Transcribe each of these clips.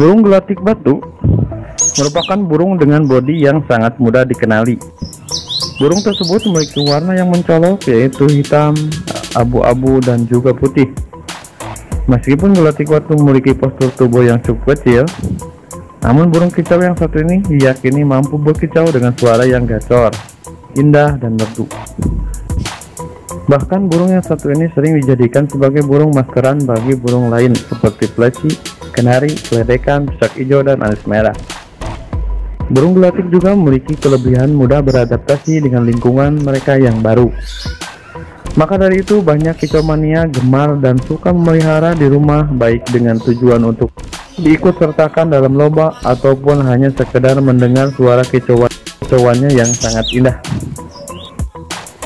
Burung gelatik batu merupakan burung dengan bodi yang sangat mudah dikenali. Burung tersebut memiliki warna yang mencolok yaitu hitam, abu-abu, dan juga putih. Meskipun gelatik batu memiliki postur tubuh yang cukup kecil, namun burung kicau yang satu ini diyakini mampu berkicau dengan suara yang gacor, indah, dan merdu. Bahkan burung yang satu ini sering dijadikan sebagai burung maskeran bagi burung lain seperti pleci, kenari, ledekan, pisak hijau, dan alis merah. Burung gelatik juga memiliki kelebihan mudah beradaptasi dengan lingkungan mereka yang baru. Maka dari itu banyak kicomania gemar dan suka memelihara di rumah baik dengan tujuan untuk diikut sertakan dalam lomba ataupun hanya sekedar mendengar suara kicauan kicauannya yang sangat indah.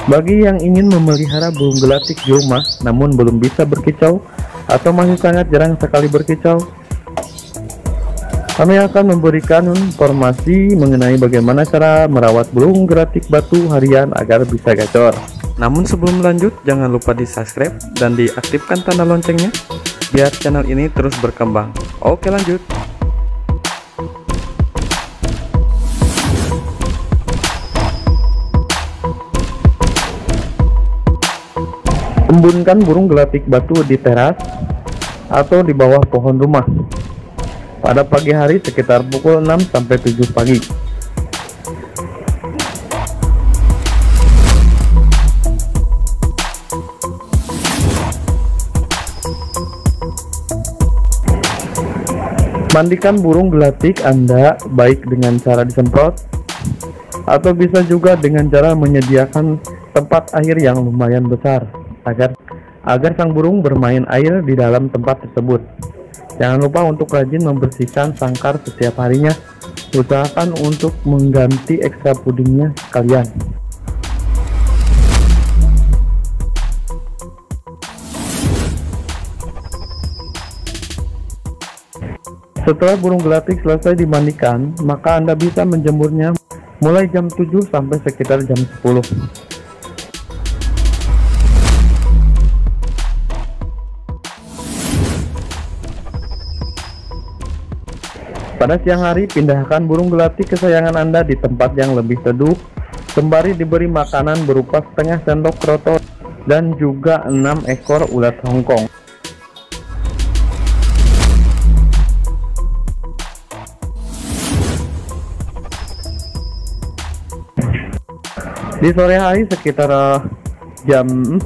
Bagi yang ingin memelihara burung gelatik di rumah namun belum bisa berkicau, atau masih sangat jarang sekali berkicau? Kami akan memberikan informasi mengenai bagaimana cara merawat burung geratik batu harian agar bisa gacor. Namun sebelum lanjut, jangan lupa di subscribe dan diaktifkan tanda loncengnya biar channel ini terus berkembang. Oke lanjut. Embunkan burung gelatik batu di teras atau di bawah pohon rumah pada pagi hari sekitar pukul 6 sampai 7 pagi. Mandikan burung gelatik Anda baik dengan cara disemprot atau bisa juga dengan cara menyediakan tempat air yang lumayan besar agar agar sang burung bermain air di dalam tempat tersebut. Jangan lupa untuk rajin membersihkan sangkar setiap harinya. Usahakan untuk mengganti ekstra pudingnya sekalian. Setelah burung gelatik selesai dimandikan, maka Anda bisa menjemurnya mulai jam 7 sampai sekitar jam 10. Pada siang hari, pindahkan burung gelatik kesayangan Anda di tempat yang lebih teduh, sembari diberi makanan berupa setengah sendok kroto dan juga enam ekor ulat Hongkong. Di sore hari sekitar eh, jam 4,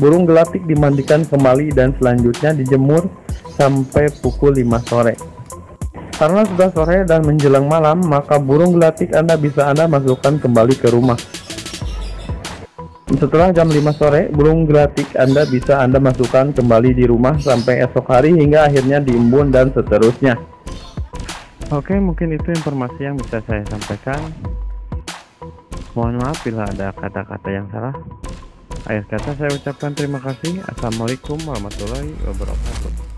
burung gelatik dimandikan kembali dan selanjutnya dijemur sampai pukul 5 sore. Karena sudah sore dan menjelang malam, maka burung gelatik Anda bisa Anda masukkan kembali ke rumah. Setelah jam 5 sore, burung gelatik Anda bisa Anda masukkan kembali di rumah sampai esok hari hingga akhirnya diimbun dan seterusnya. Oke, mungkin itu informasi yang bisa saya sampaikan. Mohon maaf bila ada kata-kata yang salah. Ayah kata saya ucapkan terima kasih. Assalamualaikum warahmatullahi wabarakatuh.